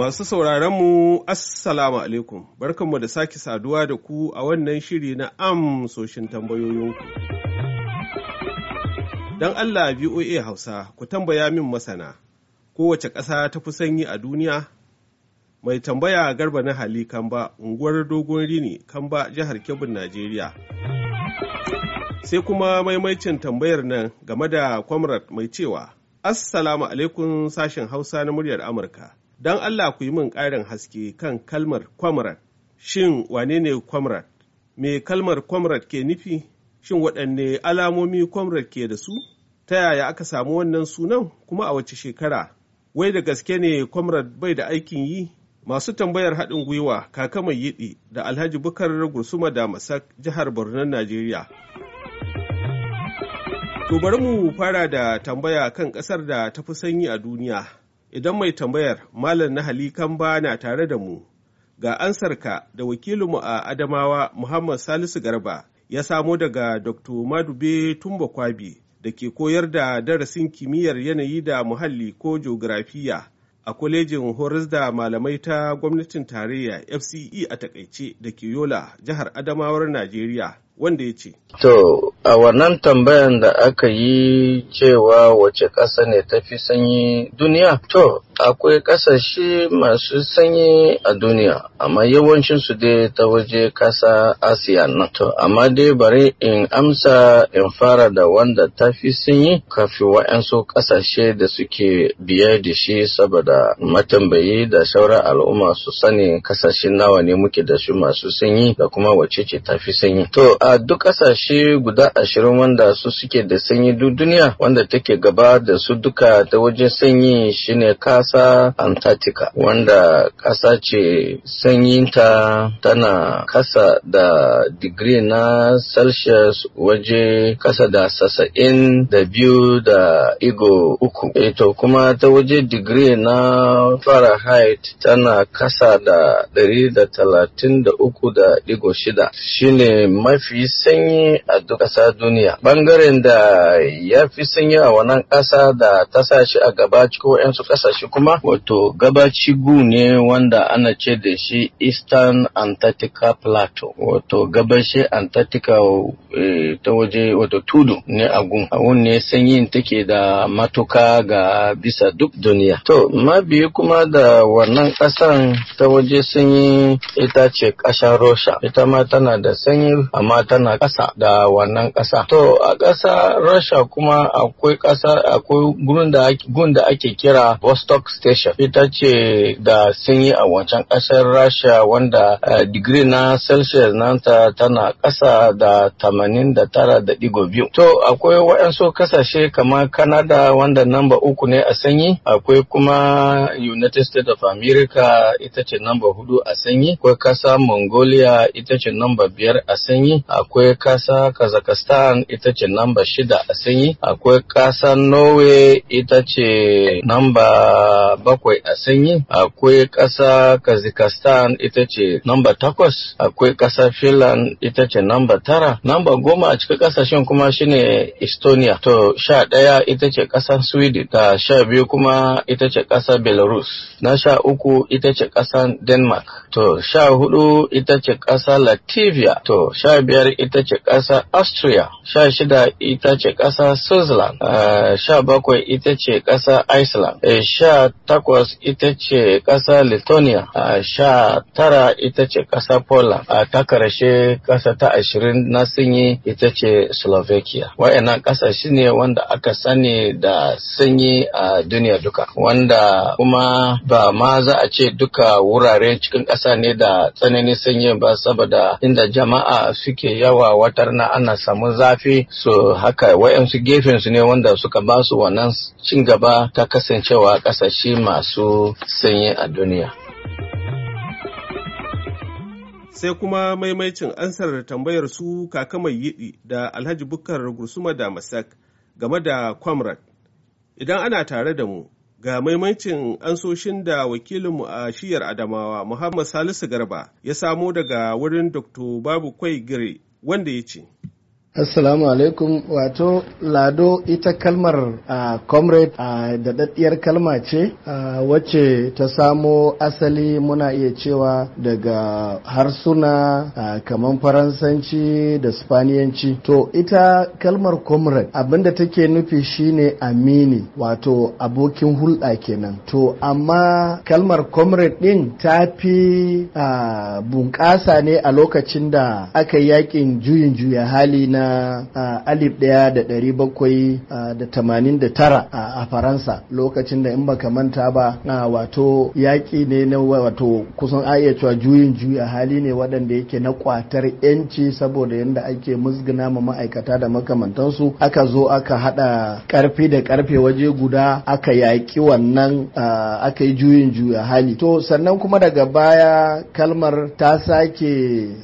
Masu sauraronmu, Assalamu alaikum, barkanmu da sake saduwa da ku a wannan shiri na amsoshin tambayoyinku. Don Allah VOA Hausa, ku tambaya min masana, kowace ƙasa ta fi sanyi a duniya? Mai tambaya garba na hali Kamba, unguwar Dogon Rini, Kamba, jihar Kebbin, Najeriya. Sai kuma maimaicin tambayar nan game da Comrade mai cewa, Assalamu alaikum sashen Hausa na muryar Amurka. Don Allah ku yi min ƙarin haske kan kalmar kwamrad. Shin wane ne kwamrad? Me kalmar kwamrad ke nufi? Shin waɗanne alamomi kwamrad ke da su? Ta yaya aka samu wannan sunan kuma a wace shekara? Wai da gaske ne kwamrad bai da aikin yi? Masu tambayar haɗin gwiwa kaka mai yiɗi da Alhaji Bukar Gursuma da Masak jihar Borno Najeriya. To bari mu fara da tambaya kan ƙasar da ta fi sanyi a duniya Idan mai tambayar Malam Nahali Kamba na tare da mu, ga ansarka da wakilinmu a Adamawa Muhammad Salisu Garba ya samo daga Dr. Madube Tumba Kwabi da ke koyar da darasin kimiyyar yanayi da muhalli ko geografiya a kwalejin horas da malamai ta gwamnatin tarayya FCE a takaice da ke Yola, jihar Adamawar Najeriya. wanda ya ce. To, a wannan tambayan da aka yi cewa wace ƙasa ne tafi sanyi duniya? To, akwai kasashe masu sanyi a duniya amma yawancin su dai ta waje kasa asiya nan to amma dai bari in amsa in fara da wanda ta fi sanyi kafin wa'ansu kasashe da suke biye da shi saboda matambayi da sauran al'umma su sani kasashe nawa ne muke da su masu sanyi da kuma wace ce ta fi sanyi to a duk kasashe guda ashirin wanda su suke da sanyi duk duniya wanda take gaba da su duka ta wajen sanyi shine kasa ƙasa Antarctica wanda ƙasa ce sanyinta tana kasa da digiri na Celsius waje kasa da sassa'in da biyu da igo uku. Eto kuma ta waje digiri na Fahrenheit tana kasa da ɗari da talatin da uku da igo shida. Shine mafi sanyi a duk ƙasa duniya. Bangaren da ya fi sanyi a wannan ƙasa da ta sa shi a gaba cikin wa'yansu ƙasashe kuma kuma wato gabaci gu ne wanda ana ce da shi Eastern Antarctica Plateau wato gabashi Antarctica e, ta waje wato tudu ne a gun a ne sanyin take da matuka ga bisa duk duniya to mabiyi kuma da wannan kasan ta waje sanyi ita ce kasar Russia ita ma tana da sanyi amma tana kasa da wannan kasa. to a ƙasa Russia kuma akwai kasa akwai gurin da ake kira Vostok station ita ce da sanyi a wancan ƙasar rasha wanda eh, digiri na celsius nanta tana ƙasa da tamanin da tara da digo biyu to akwai waɗansu ƙasashe kamar kanada, wanda namba uku ne a sanyi akwai kuma united states of america ita ce namba hudu a sanyi akwai ƙasa mongolia ita ce namba biyar a sanyi akwai ƙasa kazakhstan ita ce namba shida a sanyi akwai ƙasa norway ita ce namba bakwai a sanyi akwai ƙasa kazakhstan ita ce namba takwas akwai ƙasa finland ita ce namba tara namba goma a cikin ƙasashen kuma shine estonia to sha ɗaya ita ce ƙasar sweden da sha biyu kuma ita ce ƙasar belarus na sha uku ita ce ƙasar denmark to sha hudu ita ce ƙasar latvia to sha biyar ita ce ƙasar austria sha shida ita ce ƙasar switzerland eh, sha bakwai ita ce ƙasar iceland eh, sha takwas ita ce ƙasa Lithuania, a sha tara ita ce ƙasa Poland, a ta ƙarshe ƙasa ta ashirin na sanyi ita ce Slovakia. ƙasa ƙasashe ne wanda aka sani da sanyi a duniya duka, wanda kuma ba ma za a ce duka wurare cikin ƙasa ne da tsananin sanyi ba saboda inda jama'a suke yawa watar na ana samu zafi su haka wa'yansu gefen su ne wanda suka basu su wannan cin gaba ta kasancewa ƙasashe. ƙasashe masu sanyi a duniya. Sai kuma maimaicin ansar tambayar su kaka mai yiɗi da Alhaji Bukar Gursuma da Masak game da Comrade. Idan ana tare da mu, ga maimaicin ansoshin da wakilinmu a shiyar Adamawa Muhammad Salisu Garba ya samo daga wurin Dr. Babu Kwai Gire wanda ya ce. Assalamu alaikum wato lado ita kalmar uh, comrade uh, daɗaɗɗiyar kalma ce uh, wacce ta samo asali muna iya cewa daga harsuna uh, kamar faransanci da spaniyanci to ita kalmar comrade abinda take nufi shine amini wato abokin hulɗa kenan to amma kalmar comrade din ta fi uh, bunƙasa ne a lokacin da aka yakin juyin juya hali na na alif ɗaya da ɗari bakwai da tamanin da tara a faransa lokacin da in baka manta ba wato yaƙi ne na wato kusan a cewa juyin juya hali ne waɗanda yake na ƙwatar yanci saboda yadda ake musgina ma ma'aikata da makamantansu aka zo aka haɗa ƙarfi da ƙarfe waje guda aka yaƙi wannan aka yi juyin juya hali to sannan kuma daga baya kalmar ta sake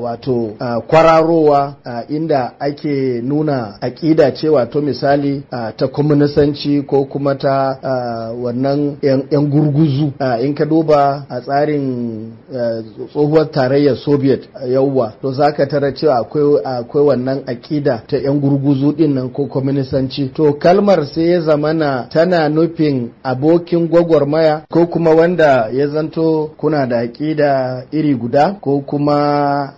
wato kwararowa inda ake nuna aƙida cewa to misali ta kwaminisanci ko kuma ta wannan 'yan gurguzu in ka duba a tsarin tsohuwar tarayyar soviet yauwa to za ka tara cewa akwai wannan aƙida ta 'yan gurguzu din ko kwaminisanci to kalmar sai ya zamana tana nufin abokin gwagwarmaya ko kuma wanda ya zanto kuna da aƙida iri guda ko kuma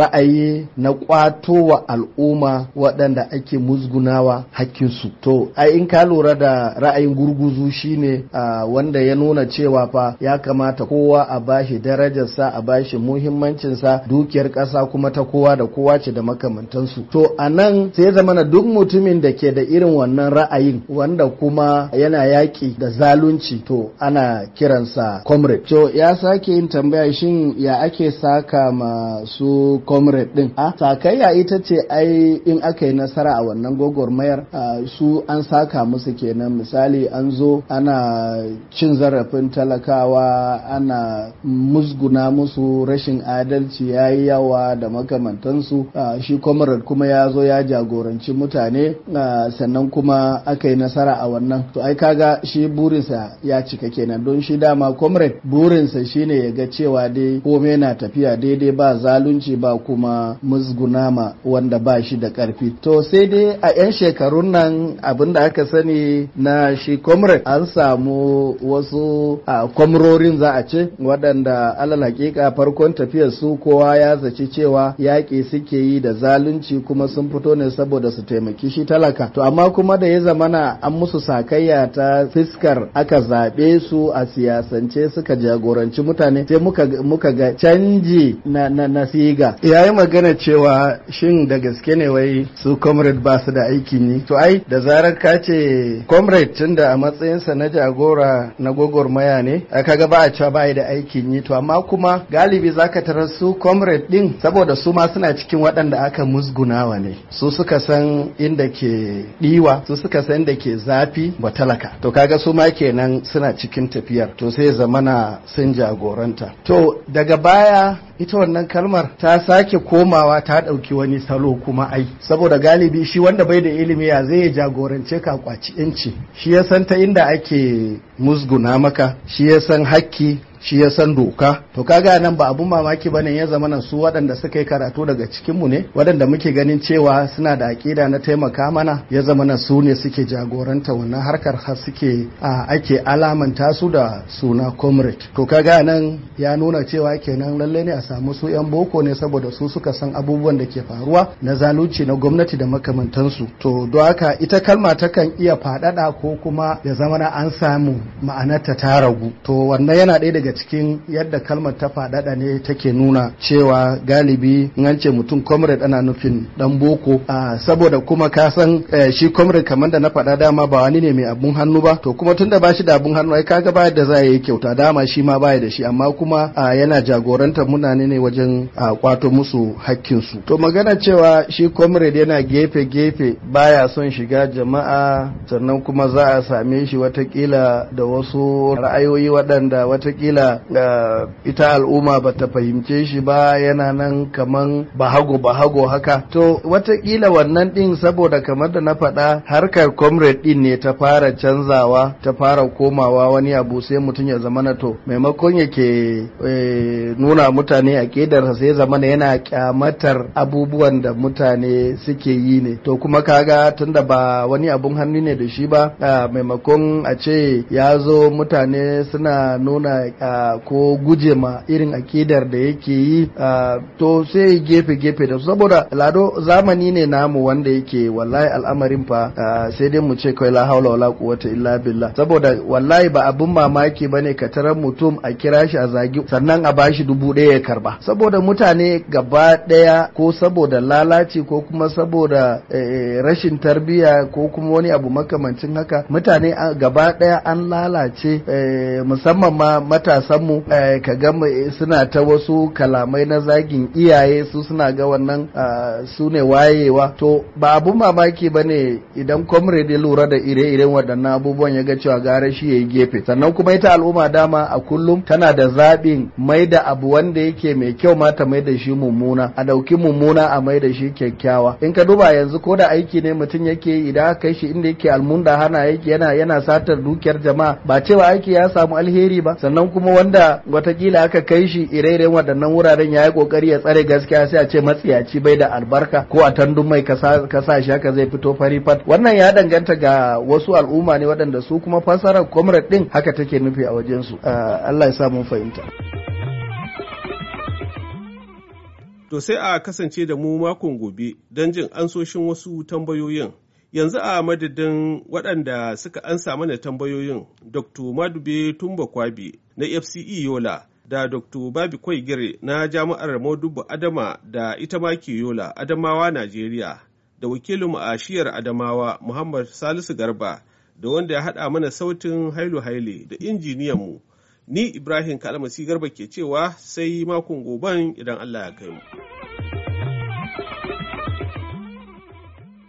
ra'ayi na ƙwato wa al'umma waɗanda ake musgunawa hakkinsu to ai in ka lura da ra'ayin gurguzu shine wanda ya nuna cewa fa ya kamata kowa a bashi darajarsa a bashi muhimmancinsa dukiyar ƙasa kuma ta kowa da kowa ce da makamantansu to a nan sai ya zamana duk mutumin da ke da irin wannan ra'ayin wanda kuma yana yaƙi da zalunci to ana kiransa comrade to ya sake yin tambaya shin ya ake saka masu comrade din a sakayya ita ce ai in aka yi nasara a wannan gwagwarmayar su an saka musu kenan misali an zo ana cin zarafin talakawa ana musguna musu rashin adalci ya yi yawa da makamantansu shi comrade kuma ya zo ya jagoranci mutane sannan kuma aka yi nasara a wannan to ai kaga shi burinsa ya cika kenan don shi dama comrade burinsa shine ya ga cewa dai komai na tafiya daidai ba zalunci ba kuma musguna ma wanda ba shi da ƙarfi to sai dai a 'yan shekarun nan abin da aka sani na shi comrade an samu wasu kwamrorin za a ce waɗanda alal hakika farkon tafiyar su kowa ya zaci cewa yaƙi suke yi da zalunci kuma sun fito ne saboda su taimaki shi talaka to amma kuma da ya zamana an musu sakayya ta fiskar aka zaɓe su a siyasance suka jagoranci mutane sai muka, ga canji na, na, na siga yayi magana cewa shin daga gaske ne wai su comrade ba su da aikin yi to ai da zarar ka ce comrade da a matsayinsa na jagora na maya ne aka ga ba a cewa ba da aikin yi to amma kuma galibi za ka tarar su comrade din saboda su ma suna cikin waɗanda aka musgunawa ne su suka san inda ke diwa su suka san inda ke zafi ba talaka to kaga su ma kenan suna cikin tafiyar to sai zamana sun jagoranta to daga baya ita wannan kalmar ta sake komawa ta ɗauki wani salo kuma ai saboda galibi shi wanda bai da ilimi ya zai jagorance ka kwaci yanci shi ya san ta inda ake musguna maka shi ya san hakki shi ya san doka to kaga nan ba abun mamaki ba ne ya zama su waɗanda suka yi karatu daga cikin mu ne waɗanda muke ganin cewa suna da aƙida na taimaka mana ya zama su ne suke jagoranta wannan harkar har suke ake alamanta su da suna comrade to kaga nan ya nuna cewa kenan lalle ne a samu su yan boko ne saboda su suka san abubuwan da ke faruwa na zalunci na gwamnati da makamantansu to don haka ita kalma takan iya faɗaɗa ko kuma ya zama an samu ma'anarta ta ragu to wannan yana ɗaya daga daga cikin yadda kalmar ta faɗaɗa ne take nuna cewa galibi ngance mutum comrade ana nufin dan boko saboda kuma ka san eh, shi comrade kamar da na faɗa dama ba wani ne mai abun hannu ba to kuma tunda ba shi da abun hannu ai kaga ba da za yi kyauta dama shi ma baya da shi amma kuma yana jagorantar mutane ne wajen kwato musu hakkinsu to magana cewa shi comrade yana gefe gefe baya son shiga jama'a sannan kuma za a same shi watakila da wasu ra'ayoyi waɗanda watakila wanda ita al'umma ba ta fahimce shi ba yana nan kaman bahago bahago haka to watakila wannan din saboda kamar da na faɗa harkar comrade din ne ta fara canzawa ta fara komawa wani abu sai mutum ya zama na to maimakon yake eh, nuna mutane a kedar sai zama yana kyamatar abubuwan da mutane suke yi ne to kuma kaga tunda ba wani abun hannu ne da shi ba maimakon a ce ya zo mutane suna nuna ko guje ma irin akidar da yake yi to sai gefe gefe da su saboda lado zamani ne namu wanda yake wallahi al'amarin fa sai dai mu ce kai la haula wala quwwata illa billah saboda wallahi ba abin mamaki bane ka tarar mutum a kira shi a zagi sannan a bashi dubu ɗaya ya karba saboda mutane gaba ɗaya ko saboda lalaci ko kuma saboda e, e, rashin tarbiyya ko kuma wani abu makamancin haka mutane gaba ɗaya an lalace e, musamman ma matasa mu eh, ka ga eh, suna ta wasu kalamai na zagin iyaye su suna ga wannan ah, su ne wayewa to ba abun mamaki ba ne idan comrade ya lura da ire-iren waɗannan abubuwan ya ga cewa gara shi ya yi gefe sannan kuma ita al'umma dama a kullum tana da zaɓin mai da abu wanda yake mai kyau ma ta mai da shi mummuna a ɗauki mummuna a mai da shi kyakkyawa in ka duba yanzu ko da aiki ne mutum yake idan aka kai shi inda yake almunda hana yake yana yana satar dukiyar jama'a ba cewa aiki ya samu alheri ba sannan kuma kuma wanda watakila aka kai shi irairen waɗannan wuraren ya yi ƙoƙari ya tsare gaskiya sai a ce matsiyaci bai da albarka ko a tandun mai kasa shi haka zai fito fari fat wannan ya danganta ga wasu al'umma ne waɗanda su kuma fasarar comrade ɗin haka take nufi a wajensu ah, Allah ya sa mun fahimta. To sai a kasance da mu makon gobe don jin ansoshin wasu tambayoyin. Yanzu a madadin waɗanda suka ansa mana tambayoyin Dr. Madube Tumba Kwabi na FCE Yola da Dr. Babi Kwaigire na Jami'ar Modubu Adama da ita ke Yola Adamawa Najeriya da wakilinmu a shiyar Adamawa Muhammad Salisu Garba da wanda ya haɗa mana sautin hailu haile da injiniyanmu. Ni Ibrahim Kalmasi Garba ke cewa sai makon goban idan Allah ya kai mu.